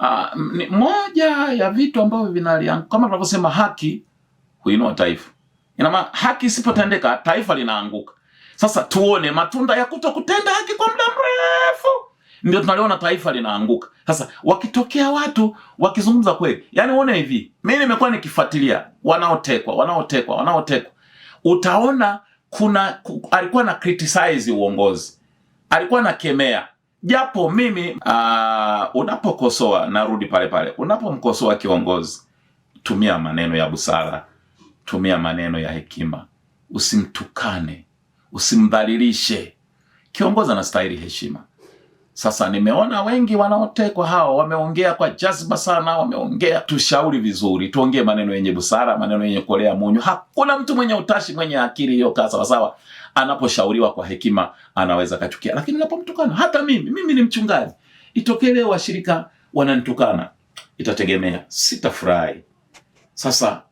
Uh, ni moja ya vitu ambavyo vinalia kama tunavyosema haki huinua taifa. Ina maana haki isipotendeka taifa linaanguka. Sasa tuone matunda ya kutokutenda haki kwa muda mrefu ndio tunaliona taifa linaanguka. Sasa wakitokea watu wakizungumza kweli, yani uone hivi, mimi nimekuwa nikifuatilia wanaotekwa, wanaotekwa, wanaotekwa, utaona kuna alikuwa na criticize uongozi, alikuwa na kemea japo mimi uh, unapokosoa, narudi pale pale, unapomkosoa kiongozi tumia maneno ya busara, tumia maneno ya hekima, usimtukane, usimdhalilishe. Kiongozi anastahili heshima. Sasa nimeona wengi wanaotekwa hao wameongea kwa jazba sana, wameongea. Tushauri vizuri, tuongee maneno yenye busara, maneno yenye kuolea munyu. Hakuna mtu mwenye utashi, mwenye akili iliyokaa sawasawa, anaposhauriwa kwa hekima anaweza kachukia, lakini napomtukana, hata mimi mimi ni mchungaji, itokee leo washirika wananitukana, itategemea, sitafurahi. Sasa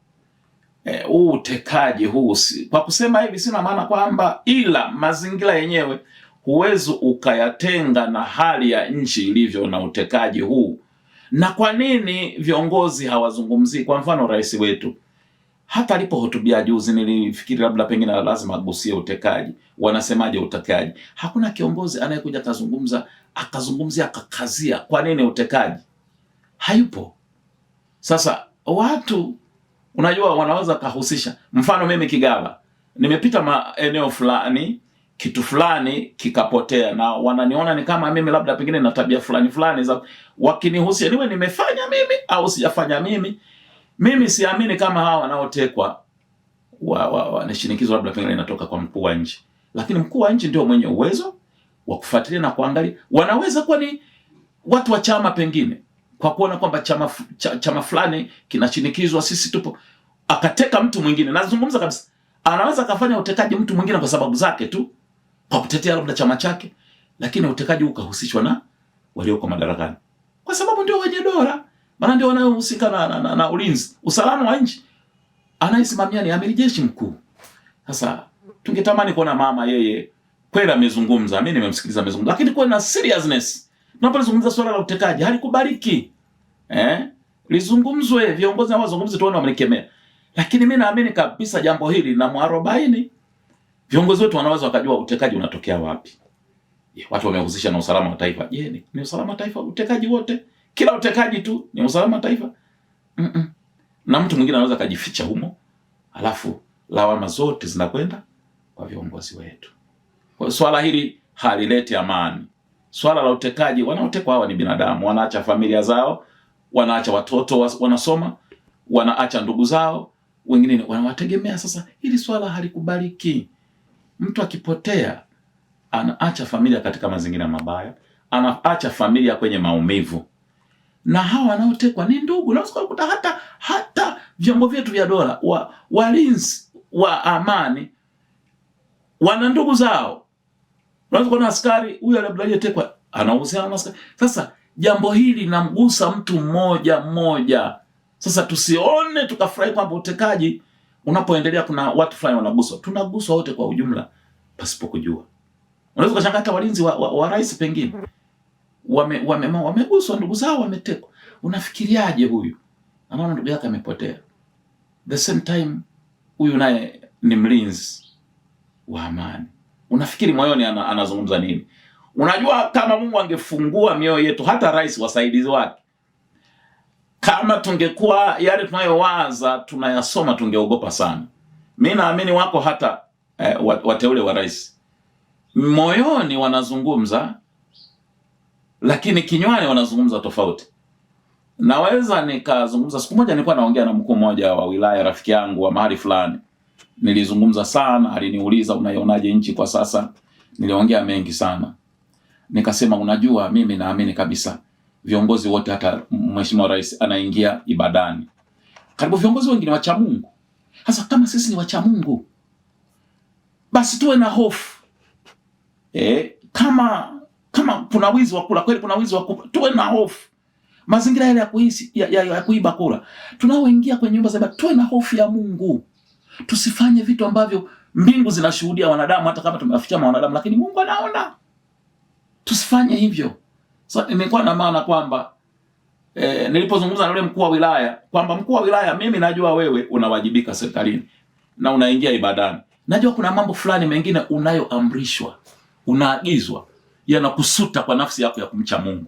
eh, huu eh, utekaji huu, kwa kusema hivi sina maana kwamba, ila mazingira yenyewe huwezi ukayatenga na hali ya nchi ilivyo na utekaji huu. Na kwa nini viongozi hawazungumzii? Kwa mfano rais wetu hata alipo hotubia juzi, nilifikiri labda pengine lazima agusie utekaji, wanasemaje utekaji? Hakuna kiongozi anayekuja akazungumza akazungumzia akakazia kwa nini utekaji, hayupo. Sasa watu unajua wanaweza kahusisha, mfano mimi Kigaba nimepita maeneo fulani kitu fulani kikapotea, na wananiona ni kama mimi labda pengine na tabia fulani fulani za wakinihusia, niwe nimefanya mimi au sijafanya mimi. Mimi siamini kama hawa wanaotekwa wa, wa, wa, na shinikizo labda pengine inatoka kwa mkuu wa nchi, lakini mkuu wa nchi ndio mwenye uwezo wa kufuatilia na kuangalia. Wanaweza kuwa ni watu wa chama pengine, kwa kuona kwamba chama, cha, chama fulani kinashinikizwa, sisi tupo, akateka mtu mwingine. Nazungumza kabisa, anaweza akafanya utekaji mtu mwingine kwa sababu zake tu kwa kutetea labda chama chake, lakini utekaji ukahusishwa na walioko madarakani, kwa sababu ndio wenye dola, maana ndio wanaohusika na, na, na, na ulinzi, usalama wa nchi. Anayesimamia ni amiri jeshi mkuu. Sasa tungetamani kuona mama yeye kweli amezungumza, mimi nimemsikiliza amezungumza, lakini kwa na seriousness tunapozungumza swala la utekaji halikubariki eh, lizungumzwe, viongozi hao wazungumze, tuone wamekemea, lakini mimi naamini kabisa jambo hili na mwarobaini Viongozi wetu wanaweza wakajua utekaji unatokea wapi. Ye, watu wamehusisha na usalama wa taifa. Je, ni, ni usalama wa taifa utekaji wote? Kila utekaji tu ni usalama wa taifa? Mm -mm. Na mtu mwingine anaweza akajificha humo, alafu lawama zote zinakwenda kwa viongozi wetu. Kwa swala hili halileti amani. Swala la utekaji, wanaotekwa hawa ni binadamu, wanaacha familia zao, wanaacha watoto wanasoma, wanaacha ndugu zao, wengine wanawategemea. Sasa hili swala halikubaliki. Mtu akipotea anaacha familia katika mazingira mabaya, anaacha familia kwenye maumivu, na hawa wanaotekwa ni ndugu, na usikukuta hata hata vyombo vyetu vya dola, wa walinzi wa amani wana ndugu zao. Unaweza kuona askari huyo aliyetekwa ana uhusiano na askari. Sasa jambo hili linamgusa mtu mmoja mmoja. Sasa tusione tukafurahi kwamba utekaji unapoendelea, kuna watu fulani wanaguswa, tunaguswa wote kwa ujumla pasipo kujua. Unaweza ukashangaa hata walinzi wa, wa, wa rais pengine wameguswa, wame, wame ndugu zao wametekwa. Unafikiriaje huyu anaona ndugu yake amepotea? The same time huyu naye ni mlinzi wa amani. Unafikiri moyoni anazungumza nini? Unajua, kama Mungu angefungua mioyo yetu, hata rais wasaidizi wake kama tungekuwa yale tunayowaza tunayasoma tungeogopa sana. Mi naamini wako hata eh, wateule wa rais moyoni wanazungumza, lakini kinywani wanazungumza tofauti. Naweza nikazungumza, siku moja nilikuwa naongea na mkuu mmoja wa wilaya, rafiki yangu wa mahali fulani, nilizungumza sana, aliniuliza unaionaje nchi kwa sasa. Niliongea mengi sana, nikasema unajua, mimi naamini kabisa viongozi wote, hata mheshimiwa rais anaingia ibadani, karibu viongozi wengi ni wacha Mungu. Sasa kama sisi ni wacha Mungu, basi tuwe na hofu e, kama kama kuna wizi wa kula kweli, kuna wizi wa kula, tuwe na hofu. Mazingira yale ya kuishi ya, ya, ya kuiba kula, tunaoingia kwenye nyumba za ibada, tuwe na hofu ya Mungu, tusifanye vitu ambavyo mbingu zinashuhudia wanadamu, hata kama tumewaficha wanadamu, lakini Mungu anaona. Tusifanye hivyo. So, imekuwa na maana kwamba e, nilipozungumza na yule mkuu wa wilaya kwamba mkuu wa wilaya, mimi najua wewe unawajibika serikalini na unaingia ibadani, najua kuna mambo fulani mengine unayoamrishwa unaagizwa, yanakusuta kwa nafsi yako ya kumcha Mungu,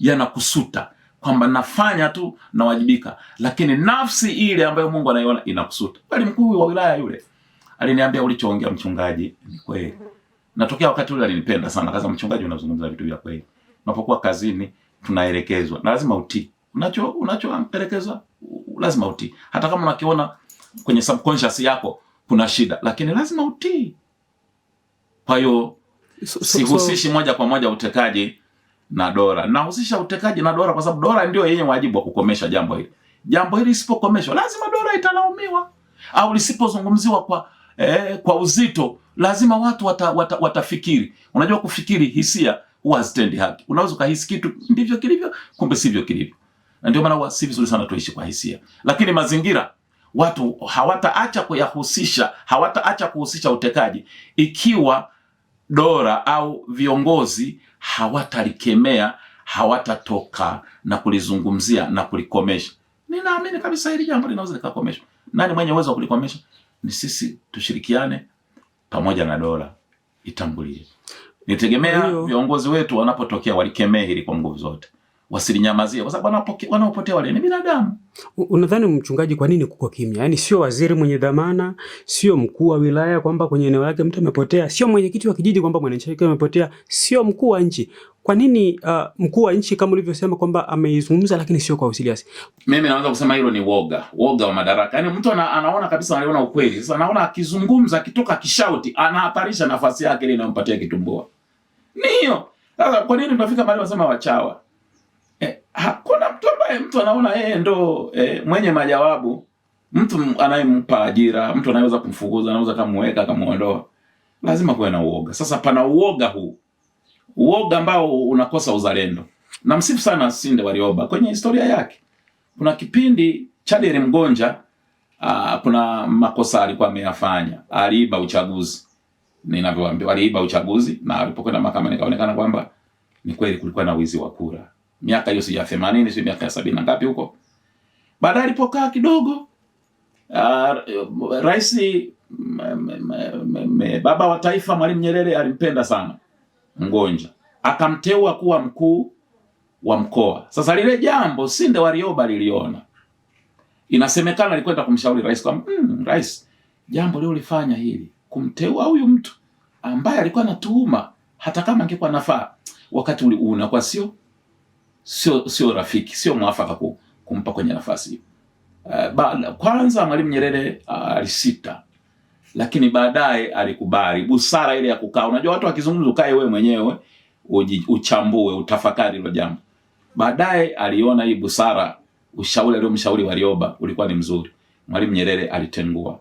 yanakusuta kwamba nafanya tu nawajibika, lakini nafsi ile ambayo Mungu anaiona inakusuta. Bali mkuu wa wilaya yule aliniambia, ulichoongea mchungaji ni kweli. Natokea wakati ule alinipenda sana, kaza mchungaji, unazungumza vitu vya kweli unapokuwa kazini tunaelekezwa na lazima utii unacho unachoelekezwa, lazima utii, hata kama unakiona kwenye subconscious yako kuna shida, lakini lazima utii. Kwa hiyo so, so, sihusishi so, moja kwa moja utekaji na dola, nahusisha utekaji na dola kwa sababu dola ndio yenye wajibu wa kukomesha jambo hili. Jambo hili lisipokomeshwa, lazima dola italaumiwa au lisipozungumziwa kwa eh, kwa uzito, lazima watu watafikiri wata, wata. Unajua, kufikiri hisia hazitendi haki. Unaweza ukahisi kitu ndivyo kilivyo, kumbe sivyo kilivyo. Na ndio maana si vizuri sana tuishi kwa hisia, lakini mazingira watu hawataacha kuyahusisha, hawataacha kuhusisha utekaji ikiwa dola au viongozi hawatalikemea, hawatatoka na kulizungumzia na kulikomesha. Ninaamini kabisa hili jambo linaweza likakomeshwa. Nani mwenye uwezo wa kulikomesha? Ni sisi, tushirikiane pamoja na dola itangulie. Nitegemea viongozi wetu wanapotokea walikemee hili kwa nguvu zote, wasilinyamazie kwa sababu wanaopotea wale ni binadamu. Unadhani mchungaji, kwa nini kuko kimya? Yaani sio waziri mwenye dhamana, sio mkuu wa wilaya kwamba kwenye eneo lake mtu amepotea, sio mwenyekiti wa kijiji kwamba mwananchi wake amepotea, sio mkuu wa nchi. Kwa nini uh, mkuu wa nchi kama ulivyosema kwamba ameizungumza lakini sio kwa usiliasi? Mimi naweza kusema hilo ni woga, woga wa madaraka. Yaani mtu ana, anaona kabisa anaona ukweli. Sasa anaona akizungumza, akitoka kishauti, anahatarisha nafasi yake ile inayompatia kitumbua. Ndio. Sasa kwa nini tunafika mahali wasema wachawa? Eh, hakuna mtu ambaye mtu anaona yeye eh, ndo eh, mwenye majawabu. Mtu anayempa ajira, mtu anayeweza kumfukuza, anaweza kumweka, kumuondoa. Lazima kuwe na uoga. Sasa pana uoga huu. Uoga ambao unakosa uzalendo. Namsifu sana Sinde Warioba kwenye historia yake. Kuna kipindi Chadeli Mgonja, uh, kuna makosa alikuwa ameyafanya. Aliiba uchaguzi ninavyoambiwa waliiba uchaguzi na alipokwenda mahakama nikaonekana kwamba ni kweli kulikuwa na wizi wa kura. Miaka hiyo sija 80, sio miaka ya 70 ngapi huko. Baadaye alipokaa kidogo, ah, rais mm, mm, mm, baba wa taifa Mwalimu Nyerere alimpenda sana Mgonja, akamteua kuwa mkuu wa mkoa. Sasa lile jambo Sinde Warioba liliona, inasemekana alikwenda kumshauri rais kwamba mmm, rais, jambo leo ulifanya hili kumteua huyu mtu ambaye alikuwa anatuuma, hata kama angekuwa nafaa, wakati unakuwa sio sio sio rafiki, sio mwafaka kumpa kwenye nafasi hiyo. Uh, eh, baada kwanza Mwalimu Nyerere ah, alisita uh, lakini baadaye alikubali. Busara ile ya kukaa, unajua watu wakizungumza, ukae wewe mwenyewe uchambue utafakari hilo jambo. Baadaye aliona hii busara, ushauri aliyomshauri Warioba ulikuwa ni mzuri. Mwalimu Nyerere alitengua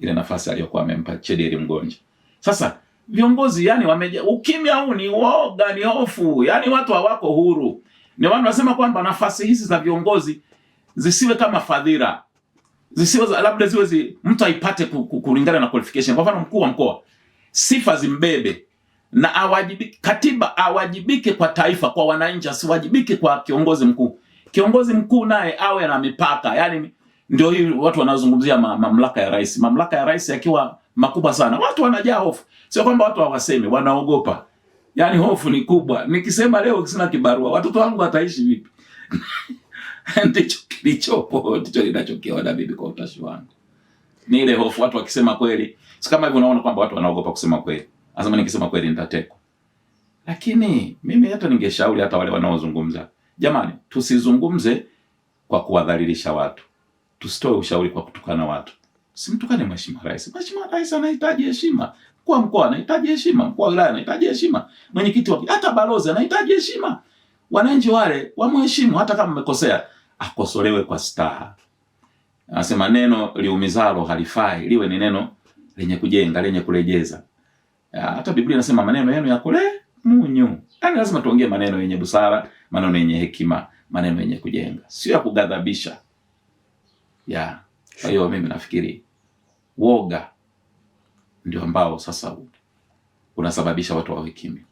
ile nafasi aliyokuwa amempa Chediri Mgonja. Sasa viongozi yani wameja ukimya huu ni woga, ni hofu, yani watu hawako huru. Ni wao wanasema kwamba nafasi hizi za viongozi zisiwe kama fadhila, zisiwe labda ziwe zi, mtu aipate kulingana na qualification. Kwa mfano, mkuu wa mkoa sifa zimbebe na awajibi, katiba awajibike kwa taifa, kwa wananchi, asiwajibike kwa kiongozi mkuu. Kiongozi mkuu naye awe na mipaka, yani ndio hii watu wanazungumzia ma, mamlaka ya rais. Mamlaka ya rais yakiwa makubwa sana, watu wanajaa hofu. Sio kwamba watu hawaseme, wanaogopa. Yaani hofu ni kubwa. Nikisema leo sina kibarua, watoto wangu wataishi vipi? Ndicho kilichopo, ndicho ninachokiona na bibi kwa utashi wangu. Ni ile hofu watu wakisema kweli. Si kama hivyo unaona kwamba watu wanaogopa kusema kweli. Azama nikisema kweli nitatekwa. Lakini mimi hata ningeshauri hata wale wanaozungumza. Jamani, tusizungumze kwa kuwadhalilisha watu tusitoe ushauri kwa kutukana watu. Simtukane mheshimiwa rais. Mheshimiwa rais anahitaji heshima, mkuu wa mkoa anahitaji heshima, mkuu wa wilaya anahitaji heshima, mwenyekiti wa hata balozi anahitaji heshima. Wananchi wale wamheshimu, hata kama mmekosea, akosolewe kwa staha. Anasema neno liumizalo halifai, liwe ni neno lenye kujenga, lenye kurejeza. Hata Biblia inasema maneno yenu yakole munyu. Yaani lazima tuongee maneno yenye busara, maneno yenye hekima, maneno yenye kujenga, sio ya kugadhabisha ya kwa hiyo mimi nafikiri woga ndio ambao sasa unasababisha watu wawe kimya.